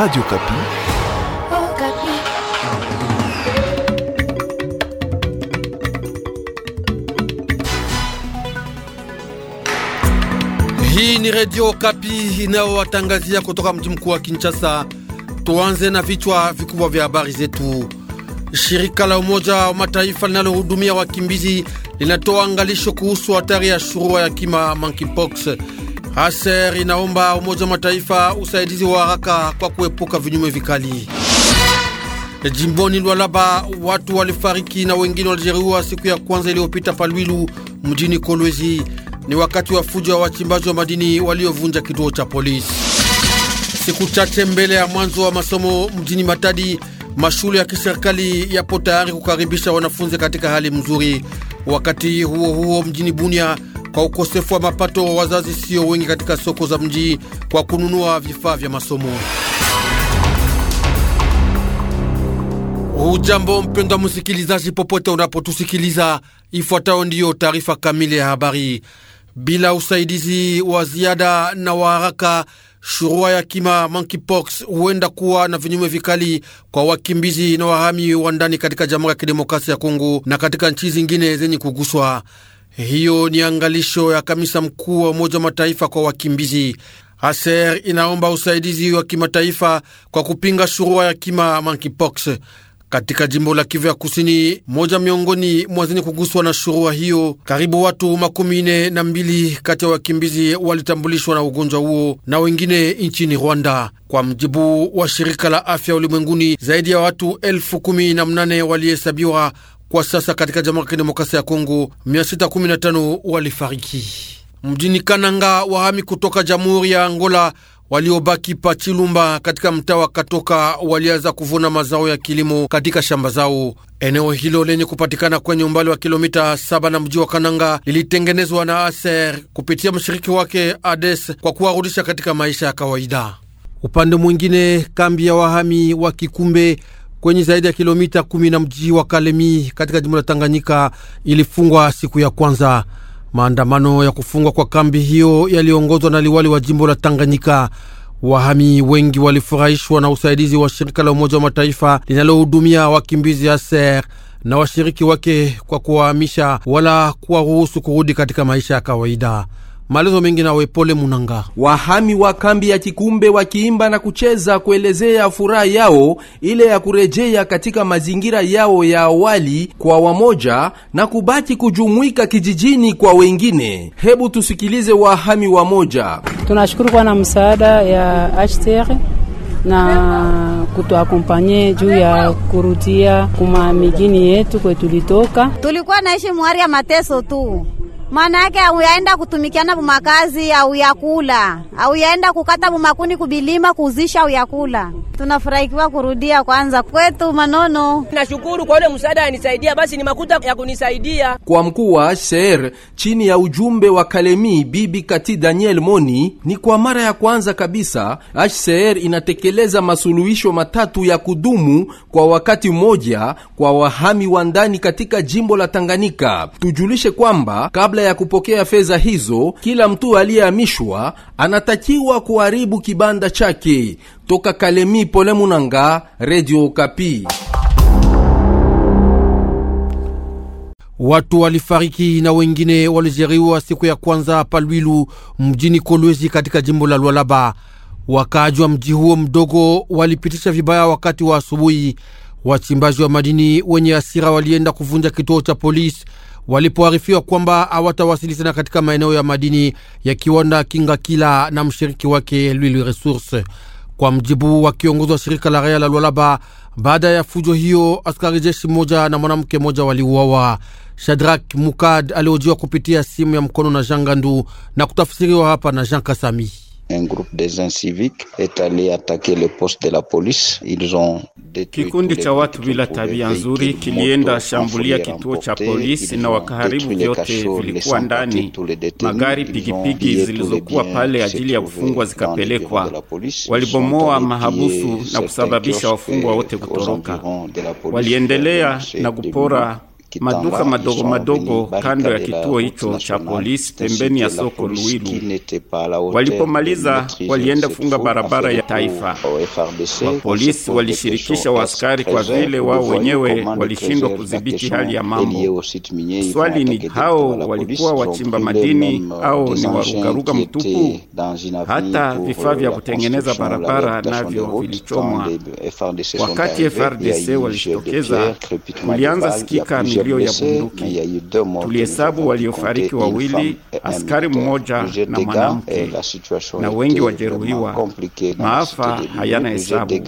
Radio Kapi. Oh, Kapi. Hii ni Radio Kapi inayowatangazia kutoka mji mkuu wa Kinshasa. Tuanze na vichwa vikubwa vya habari zetu. Shirika la Umoja wa Mataifa linalohudumia wakimbizi linatoa angalisho kuhusu hatari ya shurua ya kima monkeypox Aser inaomba Umoja wa Mataifa usaidizi wa haraka kwa kuepuka vinyume vikali. Jimboni Lualaba watu walifariki na wengine walijeruhiwa siku ya kwanza iliyopita Palwilu mjini Kolwezi, ni wakati wa fujo wa wachimbaji wa madini waliovunja kituo cha polisi. Siku chache mbele ya mwanzo wa masomo mjini Matadi, mashule ya kiserikali yapo tayari kukaribisha wanafunzi katika hali mzuri. Wakati huo huo, mjini Bunia kwa ukosefu wa mapato wa wazazi sio wengi katika soko za mji kwa kununua vifaa vya masomo. Ujambo mpendwa msikilizaji, popote unapotusikiliza, ifuatayo ndiyo taarifa kamili ya habari. Bila usaidizi wa ziada na wa haraka, shurua ya kima monkeypox huenda kuwa na vinyume vikali kwa wakimbizi na wahami wa ndani katika Jamhuri ya Kidemokrasia ya Kongo na katika nchi zingine zenye kuguswa. Hiyo ni angalisho ya kamisa mkuu wa Umoja wa Mataifa kwa wakimbizi. Aser inaomba usaidizi wa kimataifa kwa kupinga shurua ya kima monkeypox katika jimbo la Kivu ya Kusini. Moja miongoni mwa zenye kuguswa na shurua hiyo, karibu watu makumi nne na mbili kati ya wakimbizi walitambulishwa na ugonjwa huo na wengine nchini Rwanda. Kwa mjibu wa shirika la afya ulimwenguni, zaidi ya watu elfu kumi na mnane walihesabiwa kwa sasa katika Jamhuri ya Kidemokrasia ya Kongo 615 walifariki mjini Kananga. Wahami kutoka Jamhuri ya Angola waliobaki Pachilumba katika mtaa wa Katoka walianza kuvuna mazao ya kilimo katika shamba zao. Eneo hilo lenye kupatikana kwenye umbali wa kilomita saba na mji wa Kananga lilitengenezwa na ASER kupitia mshiriki wake ADES kwa kuwarudisha katika maisha ya kawaida. Upande mwingine, kambi ya wahami wa Kikumbe kwenye zaidi ya kilomita kumi na mji wa Kalemi katika jimbo la Tanganyika ilifungwa siku ya kwanza. Maandamano ya kufungwa kwa kambi hiyo yaliongozwa na liwali wa jimbo la Tanganyika. Wahami wengi walifurahishwa na usaidizi wa shirika la Umoja wa Mataifa linalohudumia wakimbizi ASER na washiriki wake kwa kuwahamisha wala kuwaruhusu kurudi katika maisha ya kawaida. Malezo mengi nawe pole Munanga. Wahami wa kambi ya Kikumbe wakiimba na kucheza kuelezea furaha yao ile ya kurejea katika mazingira yao ya awali kwa wamoja na kubaki kujumuika kijijini kwa wengine. Hebu tusikilize wahami wamoja. Tunashukuru kwa na msaada ya HTR na kutuakompanye juu ya kurudia kuma migini yetu kwetulitoka Tulikuwa naishi mwari ya mateso tu maana yake auyaenda kutumikiana bumakazi au yakula au yaenda kukata bumakuni kubilima kuuzisha au yakula. Tunafurahikiwa kurudia kwanza kwetu Manono. Nashukuru kwa ule msaada yanisaidia, basi ni makuta ya kunisaidia. Kwa mkuu wa HCR chini ya ujumbe wa Kalemi, Bibi Kati Daniel Moni, ni kwa mara ya kwanza kabisa HCR inatekeleza masuluhisho matatu ya kudumu kwa wakati mmoja kwa wahami wa ndani katika jimbo la Tanganyika. Tujulishe kwamba kabla kabla ya kupokea fedha hizo, kila mtu aliyehamishwa anatakiwa kuharibu kibanda chake. Toka Kalemi, Pole Munanga, Radio Kapi. Watu walifariki na wengine walijeriwa siku ya kwanza hapa Lwilu mjini Kolwezi katika jimbo la Lualaba. Wakaaji wa mji huo mdogo walipitisha vibaya wakati wa asubuhi. Wachimbaji wa madini wenye hasira walienda kuvunja kituo cha polisi walipoarifiwa kwamba hawatawasilisana katika maeneo ya madini ya kiwanda Kingakila na mshiriki wake Lwili Resource, kwa mjibu wa kiongozi wa shirika la raia la Lualaba. Baada ya fujo hiyo, askari jeshi mmoja na mwanamke mmoja waliuawa. Shadrak Mukad aliojiwa kupitia simu ya mkono na Jean Gandu na kutafsiriwa hapa na Jean Kasami un groupe des inciviques est allé attaquer le poste de la police. Ils ont Kikundi cha watu bila tabia nzuri kilienda shambulia kituo cha polisi na wakaharibu vyote vilikuwa ndani. Magari, pikipiki zilizokuwa pale ajili ya kufungwa zikapelekwa. Walibomoa mahabusu na kusababisha wafungwa wote kutoroka. Waliendelea na kupora maduka madogo madogo kando ya kituo hicho cha polisi pembeni ya soko Luilu. Walipomaliza walienda funga barabara ya taifa. Wapolisi walishirikisha waaskari kwa vile wao wenyewe walishindwa kudhibiti hali ya mambo. Swali ni hao walikuwa wachimba madini uh, au ni warugaruga mtupu? Hata vifaa euh, vya kutengeneza barabara navyo vilichomwa. Wakati FRDC walishitokeza, kulianza sikika walio ya bunduki. Tulihesabu waliofariki wawili, askari mmoja na mwanamke, na wengi wajeruhiwa. Maafa hayana hesabu.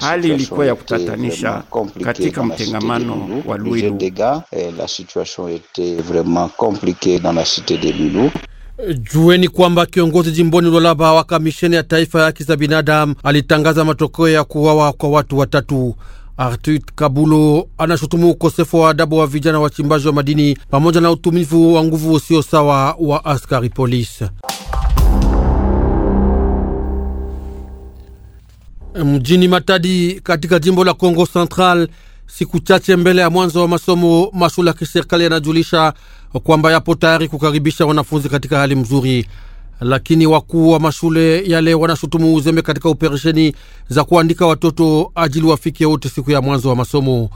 Hali ilikuwa ya kutatanisha katika mtengamano wa Lwilu. Jueni kwamba kiongozi jimboni Lualaba wa kamisheni ya taifa ya haki za binadamu alitangaza matokeo ya kuwawa kwa watu watatu. Artit Kabulo anashutumu ukosefu wa adabu wa vijana wachimbaji wa madini pamoja na utumivu wa nguvu usio sawa wa askari polisi. Mjini Matadi katika jimbo la Kongo Central, siku chache mbele ya mwanzo wa masomo, mashule ya kiserikali yanajulisha kwamba yapo tayari kukaribisha wanafunzi katika hali mzuri lakini wakuu wa mashule yale wanashutumu uzembe katika operesheni za kuandika watoto ajili wafike wote siku ya mwanzo wa masomo.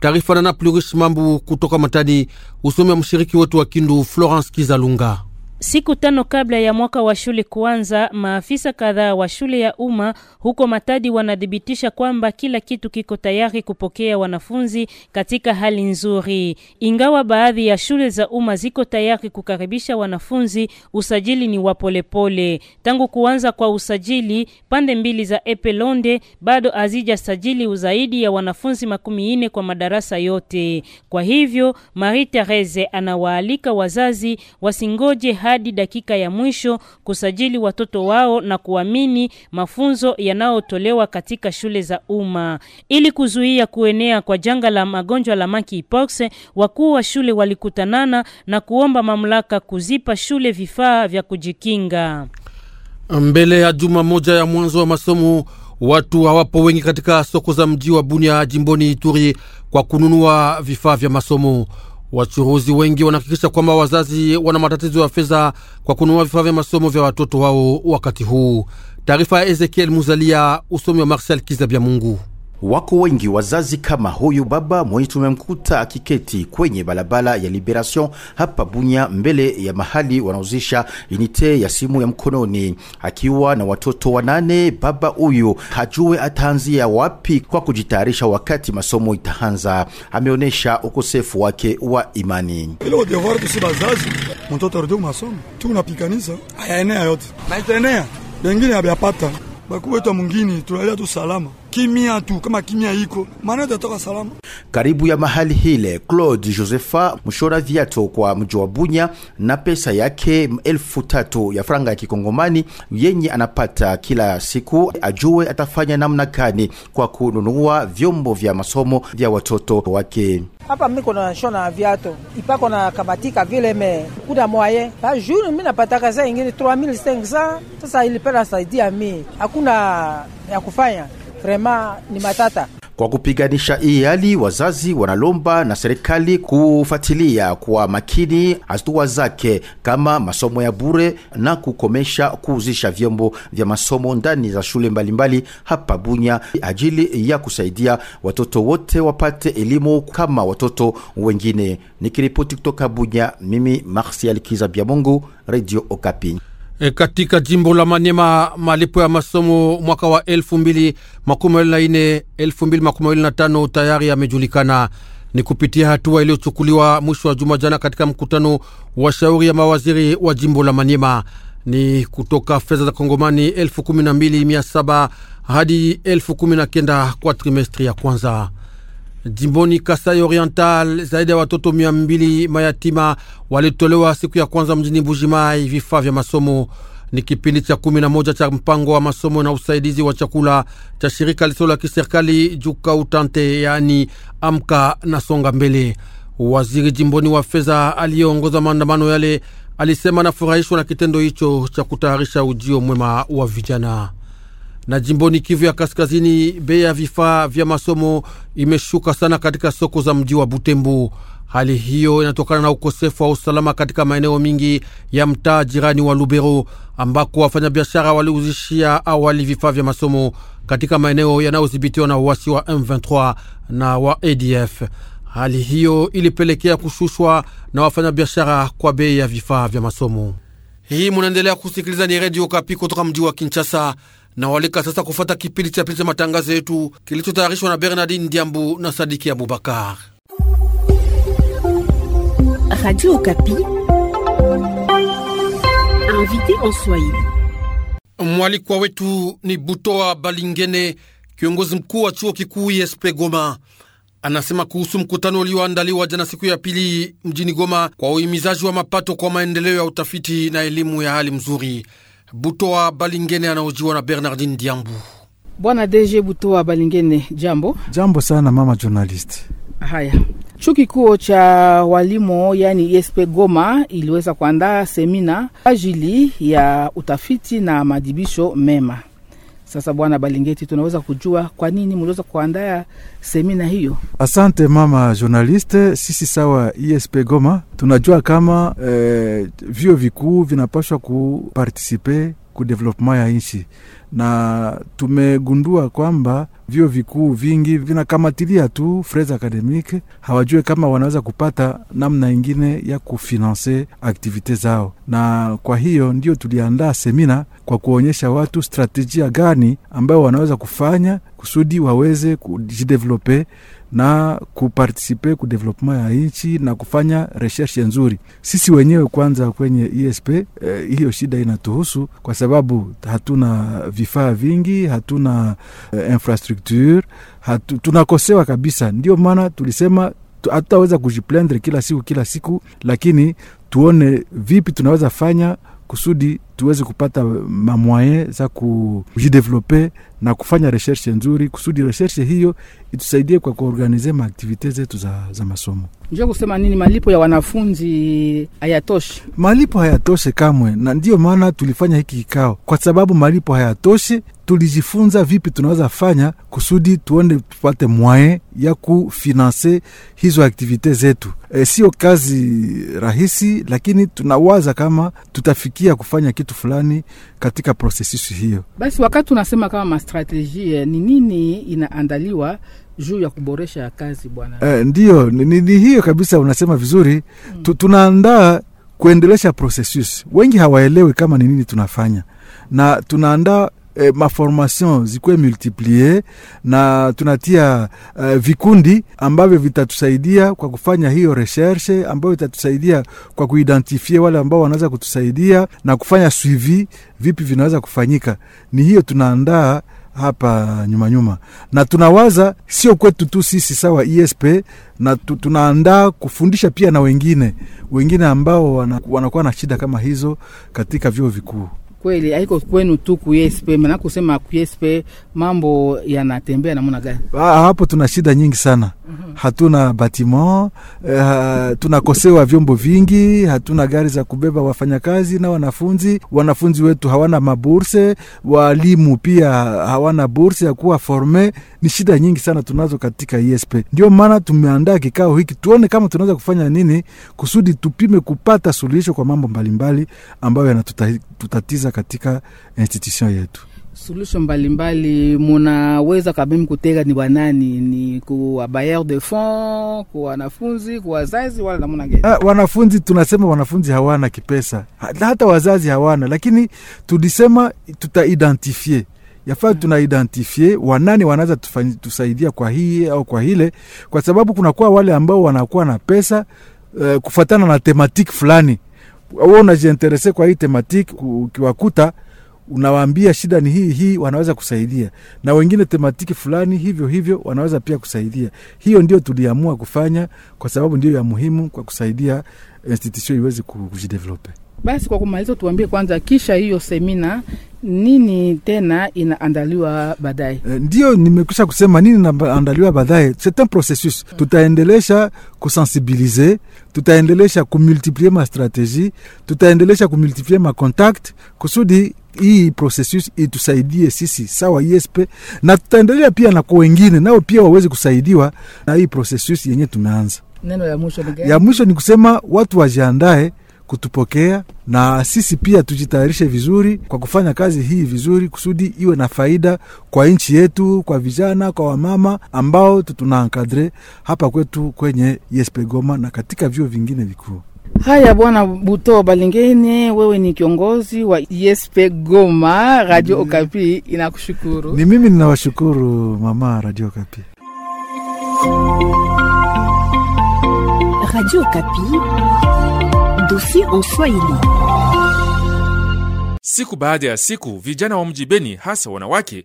Taarifa na Plurish Mambu kutoka Matadi, usome mshiriki wetu wa Kindu Florence Kizalunga. Siku tano kabla ya mwaka wa shule kuanza, maafisa kadhaa wa shule ya umma huko Matadi wanathibitisha kwamba kila kitu kiko tayari kupokea wanafunzi katika hali nzuri. Ingawa baadhi ya shule za umma ziko tayari kukaribisha wanafunzi, usajili ni wa polepole. Tangu kuanza kwa usajili, pande mbili za Epelonde bado hazijasajili zaidi ya wanafunzi makumi nne kwa madarasa yote. Kwa hivyo, Marie Therese anawaalika wazazi wasingoje hadi dakika ya mwisho kusajili watoto wao na kuamini mafunzo yanayotolewa katika shule za umma. Ili kuzuia kuenea kwa janga la magonjwa la monkeypox, wakuu wa shule walikutanana na kuomba mamlaka kuzipa shule vifaa vya kujikinga. Mbele ya juma moja ya mwanzo wa masomo, watu hawapo wengi katika soko za mji wa Bunia jimboni Ituri kwa kununua vifaa vya masomo. Wachuruzi wengi wanahakikisha kwamba wazazi wana matatizo ya fedha kwa kununua vifaa vya masomo vya watoto wao wakati huu. Taarifa ya Ezekiel Muzalia, usomi wa Marcel Kizabya Mungu. Wako wengi wazazi kama huyu baba mwenye tumemkuta akiketi kwenye barabara ya Liberation hapa Bunya, mbele ya mahali wanauzisha unite ya simu ya mkononi, akiwa na watoto wanane. Baba huyu hajue ataanzia wapi kwa kujitayarisha wakati masomo itaanza. Ameonyesha ukosefu wake wa imani. Ilo devoir tusi ayaenea bengine abyapata bakuwetwa, mwingine tunalia tu salama kimia tu, kama kimia iko maana tutatoka salama. Karibu ya mahali hile, Claude Josepha mshona viato kwa mji wa Bunya na pesa yake elfu tatu ya franga ya kikongomani yenye anapata kila siku, ajue atafanya namna gani kwa kununua vyombo vya masomo vya watoto wake. Hapa miko na shona viato ipako na kabatika vile me kuna mwaye pa juru mimi napataka za ingine 3500 sasa ilipela saidia mimi hakuna ya kufanya vrema ni matata kwa kupiganisha hii hali, wazazi wanalomba na serikali kufuatilia kwa makini hatua zake kama masomo ya bure na kukomesha kuuzisha vyombo vya masomo ndani za shule mbalimbali mbali, hapa Bunya ajili ya kusaidia watoto wote wapate elimu kama watoto wengine. Nikiripoti kutoka Bunya, mimi Marsial Kiza Bya Radio Okapi. E, katika jimbo la Manyema malipo ya masomo mwaka wa 2024 2025 tayari yamejulikana ni kupitia hatua iliyochukuliwa mwisho wa juma jana katika mkutano wa shauri ya mawaziri wa jimbo la Manyema. Ni kutoka fedha za kongomani 12700 hadi 19000 kwa trimestri ya kwanza. Jimboni Kasai Oriental, zaidi ya watoto mia mbili mayatima walitolewa siku ya kwanza mjini Mbujimai vifaa vya masomo. Ni kipindi cha kumi na moja cha mpango wa masomo na usaidizi wa chakula cha shirika lisilo la kiserikali Juka Utante, yaani Amka na Songa Mbele. Waziri jimboni wa fedha aliyeongoza maandamano yale alisema anafurahishwa na kitendo hicho cha kutayarisha ujio mwema wa vijana. Na jimboni Kivu ya Kaskazini, bei ya vifaa vya masomo imeshuka sana katika soko za mji wa Butembo. Hali hiyo inatokana na ukosefu wa usalama katika maeneo mingi ya mtaa jirani wa Lubero, ambako wafanyabiashara waliuzishia awali vifaa vya masomo katika maeneo yanayodhibitiwa na uasi wa M23 na wa ADF. Hali hiyo ilipelekea kushushwa na wafanyabiashara kwa bei ya vifaa vya masomo. Hii munaendelea kusikiliza, ni Redio Kapi kutoka mji wa Kinshasa na walika sasa kufata kipindi cha pili cha matangazo yetu kilichotayarishwa na Bernardin Ndiambu na Sadiki Abubakar. Mwalikwa wetu ni Butoa Balingene, kiongozi mkuu wa chuo kikuu ISP Goma anasema kuhusu mkutano ulioandaliwa jana siku ya pili mjini Goma kwa uhimizaji wa mapato kwa maendeleo ya utafiti na elimu ya hali mzuri. Butoa Balingene anaojiwa na Bernardine Diambu. Bwana DG Butoa Balingene, jambo. Jambo sana mama journalist. Haya, chuo kikuu cha walimu yani ESP Goma iliweza kuandaa semina ajili ya utafiti na madibisho mema sasa Bwana Balingeti, tunaweza kujua kwa nini mliweza kuandaa semina hiyo? Asante mama journaliste. Sisi sawa ISP Goma tunajua kama eh, vyuo vikuu vinapaswa kupartisipe kudevelopma ya nchi, na tumegundua kwamba vyuo vikuu vingi vinakamatilia tu frais akademike, hawajue kama wanaweza kupata namna ingine ya kufinanse aktivite zao. Na kwa hiyo ndio tuliandaa semina kwa kuonyesha watu strategia gani ambayo wanaweza kufanya kusudi waweze kujidevelope na kupartisipe ku development ya nchi na kufanya recherche nzuri. Sisi wenyewe kwanza kwenye ESP eh, hiyo shida inatuhusu kwa sababu hatuna vifaa vingi, hatuna eh, infrastructure hatu, tunakosewa kabisa. Ndio maana tulisema hatutaweza kujiplendre kila siku kila siku, lakini tuone vipi tunaweza fanya kusudi tuweze kupata mamwaye za kujidevelope na kufanya resherche nzuri, kusudi resherche hiyo itusaidie kwa kuorganize maaktivite zetu za, za masomo. Njoo kusema nini, malipo ya wanafunzi hayatoshi, malipo hayatoshe kamwe, na ndiyo maana tulifanya hiki kikao, kwa sababu malipo hayatoshi. Tulijifunza vipi tunaweza fanya kusudi tuende tupate mwaye ya kufinanse hizo aktivite zetu. E, sio kazi rahisi, lakini tunawaza kama tutafikia kufanya kitu kitu fulani katika processus hiyo. Basi wakati unasema kama mastrategie, eh, ni nini inaandaliwa juu ya kuboresha kazi bwana? Eh, ndio ni, ni hiyo kabisa, unasema vizuri hmm. Tu, tunaandaa kuendelesha processus. Wengi hawaelewi kama ni nini tunafanya, na tunaandaa eh, maformation zikuwe multiplie na tunatia eh, vikundi ambavyo vitatusaidia kwa kufanya hiyo recherche ambayo itatusaidia kwa kuidentifie wale ambao wanaweza kutusaidia na kufanya suivi vipi vinaweza kufanyika. Ni hiyo tunaandaa hapa nyuma nyuma, na tunawaza sio kwetu tu sisi sawa ESP, na tu, tunaandaa kufundisha pia na wengine wengine ambao wanakuwa na shida kama hizo katika vyuo vikuu kweli haiko kwenu tu kuespe, maana kusema kuespe mambo yanatembea namna gani? Ah, Hapo tuna shida nyingi sana, hatuna batiment uh, eh, tunakosewa vyombo vingi, hatuna gari za kubeba wafanyakazi na wanafunzi. Wanafunzi wetu hawana maburse, walimu pia hawana burse ya kuwa forme. Ni shida nyingi sana tunazo katika ESP. Ndio maana tumeandaa kikao hiki tuone kama tunaweza kufanya nini kusudi tupime kupata suluhisho kwa mambo mbalimbali ambayo yanatutatiza kuingiza katika institution yetu solution mbalimbali munaweza kabim kutega ni wanani ni kuwa bayer de fond kuwa wanafunzi kuwa wazazi wala namuna gani? Ah, wanafunzi tunasema wanafunzi hawana kipesa, hata wazazi hawana, lakini tulisema tutaidentifie yafaa tunaidentifie wanani wanaweza tusaidia kwa hii au kwa hile, kwa sababu kunakuwa wale ambao wanakuwa na pesa uh, eh, kufatana na tematiki fulani wao unajiinterese kwa hii tematiki, ukiwakuta unawaambia shida ni hii hii, wanaweza kusaidia, na wengine tematiki fulani hivyo hivyo wanaweza pia kusaidia. Hiyo ndio tuliamua kufanya, kwa sababu ndio ya muhimu kwa kusaidia institution iweze kujidevelope. Basi kwa kumaliza, tuambie kwanza, kisha hiyo semina nini tena inaandaliwa baadaye? E, ndio nimekwisha kusema nini inaandaliwa baadaye. C'est un processus, tutaendelesha kusensibilize, tutaendelesha kumultiplie ma strategie, tutaendelesha kumultiplie ma contact kusudi hii processus itusaidie sisi sawa ISP, na tutaendelea pia na kwa wengine nao pia waweze kusaidiwa na hii processus yenye tumeanza. Neno ya mwisho ni gani? Ya mwisho ni kusema watu wajiandae kutupokea na sisi pia tujitayarishe vizuri kwa kufanya kazi hii vizuri, kusudi iwe na faida kwa nchi yetu, kwa vijana, kwa wamama ambao tunankadre hapa kwetu kwenye ISP Goma na katika vyuo vingine vikuu. Haya, bwana Buto Balingene, wewe ni kiongozi wa ESP Goma. Radio Okapi inakushukuru. Ni mimi ninawashukuru mama Radio Okapi. Radio Okapi, dosi en Swahili. Siku baada ya siku, vijana wa mji Beni, hasa wanawake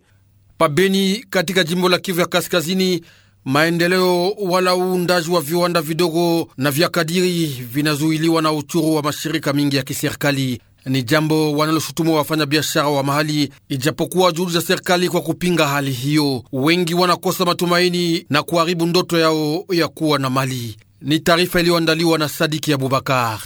pa Beni katika jimbo la Kivu ya Kaskazini maendeleo wala uundaji wa viwanda vidogo na vya kadiri vinazuiliwa na uchuru wa mashirika mingi ya kiserikali. Ni jambo wanaloshutumu wafanyabiashara wa mahali, ijapokuwa juhudi za serikali kwa kupinga hali hiyo, wengi wanakosa matumaini na kuharibu ndoto yao ya kuwa na mali. Ni taarifa iliyoandaliwa na Sadiki Abubakar.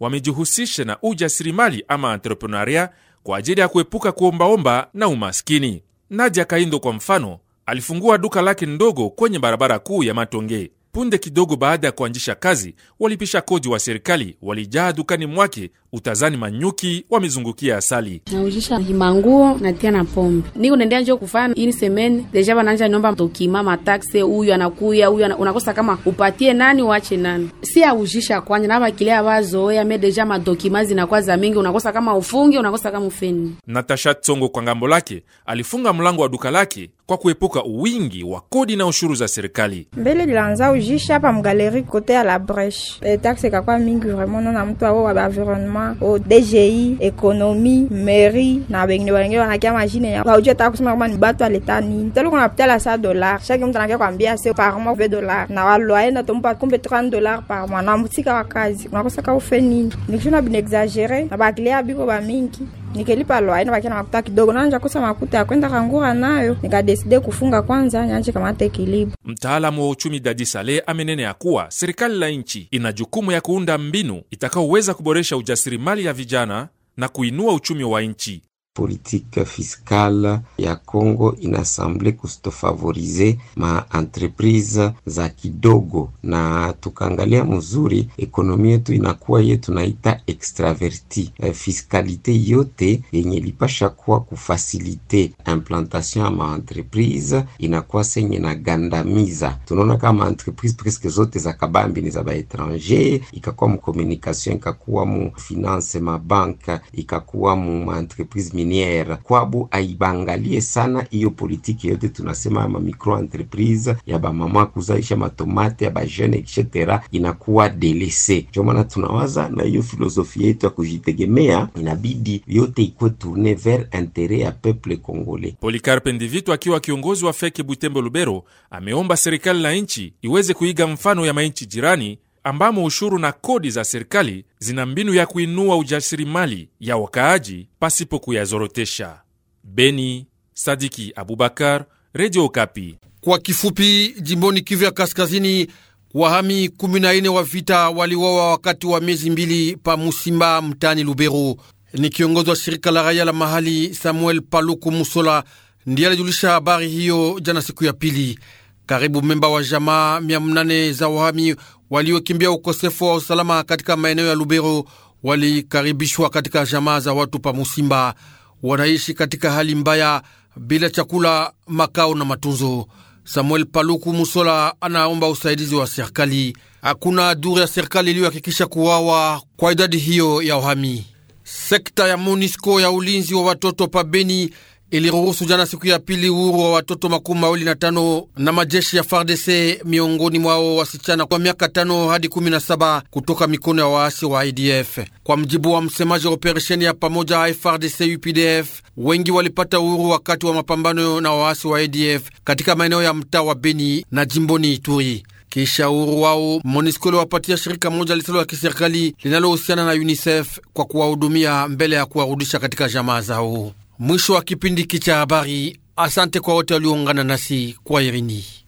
Wamejihusisha na ujasirimali ama entreprenaria kwa ajili ya kuepuka kuombaomba na umaskini. Nadia Kaindo kwa mfano Alifungua duka lake ndogo kwenye barabara kuu ya Matonge. Punde kidogo baada ya kuanzisha kazi, walipisha kodi wa serikali walijaa dukani mwake. Utazani manyuki wamezungukia asali, naujisha himanguo natia na pombe, niko naendea njo kufanya ini semeni deja bananja niomba tokima matakse, huyu anakuya huyu unakosa, kama upatie nani uache nani, si aujisha kwanja na bakilea bazoea me deja madokima zinakuwa za mingi, unakosa kama ufungi unakosa kama ufeni. Natasha Tsongo kwa ngambo lake alifunga mlango wa duka lake kwa kuepuka uwingi wa kodi na ushuru za serikali. Mbele lilanza ujisha hapa mgaleri kote ya la breche e eh, taxe kakwa mingi vraiment na mtu awo wa environnement o DGI ekonomi meri na bengine walenge wanakia majine ya waujua taka kusema kwamba ni batu aleta nini telo kuna pitala sa dolar shaki mtu anakia kwambia se par mois ve dolar na waloaye na tompa kumbe 30 dolar par mois na mtika wa kazi unakosa kaufe nini nikishona bina exagere na bakilea biko bamingi nikelipa lwai nabakia na makuta kidogo, nanja kosa makuta ya kwenda kangura nayo, nikadeside kufunga kwanza nianje kamata kilibu. Mtaalamu wa uchumi Dadi sale amenene ya kuwa serikali la nchi ina jukumu ya kuunda mbinu itakaoweza kuboresha ujasiri mali ya vijana na kuinua uchumi wa nchi politique fiscale ya congo inasemble kustofavorize maentreprise za kidogo, na tukaangalia mzuri ekonomi yetu inakuwa ye tunaita extraverti eh, fiscalité fiskalite yote yenye lipasha kuwa kufasilite implantation ya maentreprise inakuwa senye na gandamiza. Tunaona kama entreprise presque zote za kabambi ni za baetranger, ikakuwa mu communication, ikakuwa mu finance, mabanka, ikakuwa mu maentreprise miniere kwabu aibangalie sana hiyo politiki yote tunasema ama micro entreprise ya bamama kuzalisha matomate ya bajene etc inakuwa delese. Ndio maana tunawaza na hiyo filosofi yetu ya kujitegemea inabidi yote ikwe tourne vers intere ya peuple congolais. polycarpe Ndivitu akiwa kiongozi wa feke Butembo Lubero ameomba serikali la nchi iweze kuiga mfano ya mainchi jirani ambamo ushuru na kodi za serikali zina mbinu ya kuinua ujasirimali ya wakaaji pasipo kuyazorotesha. Beni, Sadiki Abubakar, Radio Okapi. Kwa kifupi, jimboni Kivu ya Kaskazini, wahami 14 wa vita waliwawa wakati wa miezi mbili pa Musimba mtani Lubero. Ni kiongozi wa shirika la raia la mahali Samuel Paluku Musola ndiye alijulisha habari hiyo jana siku ya pili. Karibu memba wa jamaa 800 za wahami waliokimbia ukosefu wa usalama katika maeneo ya Lubero walikaribishwa katika jamaa za watu pa Musimba. Wanaishi katika hali mbaya, bila chakula, makao na matunzo. Samuel Paluku Musola anaomba usaidizi wa serikali. Hakuna duru ya serikali iliyohakikisha kuwawa kwa idadi hiyo ya wahami. Sekta ya MONUSCO ya ulinzi wa watoto pa Beni iliruhusu jana siku ya pili uhuru wa watoto makumi mawili na tano na majeshi ya FARDC miongoni mwao wasichana kwa miaka tano hadi kumi na saba kutoka mikono ya waasi wa IDF. Kwa mjibu wa msemaji wa operesheni ya pamoja FARDC UPDF, wengi walipata uhuru wakati wa mapambano na waasi wa adf katika maeneo ya mtaa wa Beni na jimboni Ituri. Kisha uhuru wao MONUSCO liwapatia shirika moja lisilo la kiserikali linalohusiana na UNICEF kwa kuwahudumia mbele ya kuwarudisha katika jamaa zao. Mwisho wa kipindi hiki cha habari. Asante kwa wote walioungana nasi kwa Irini.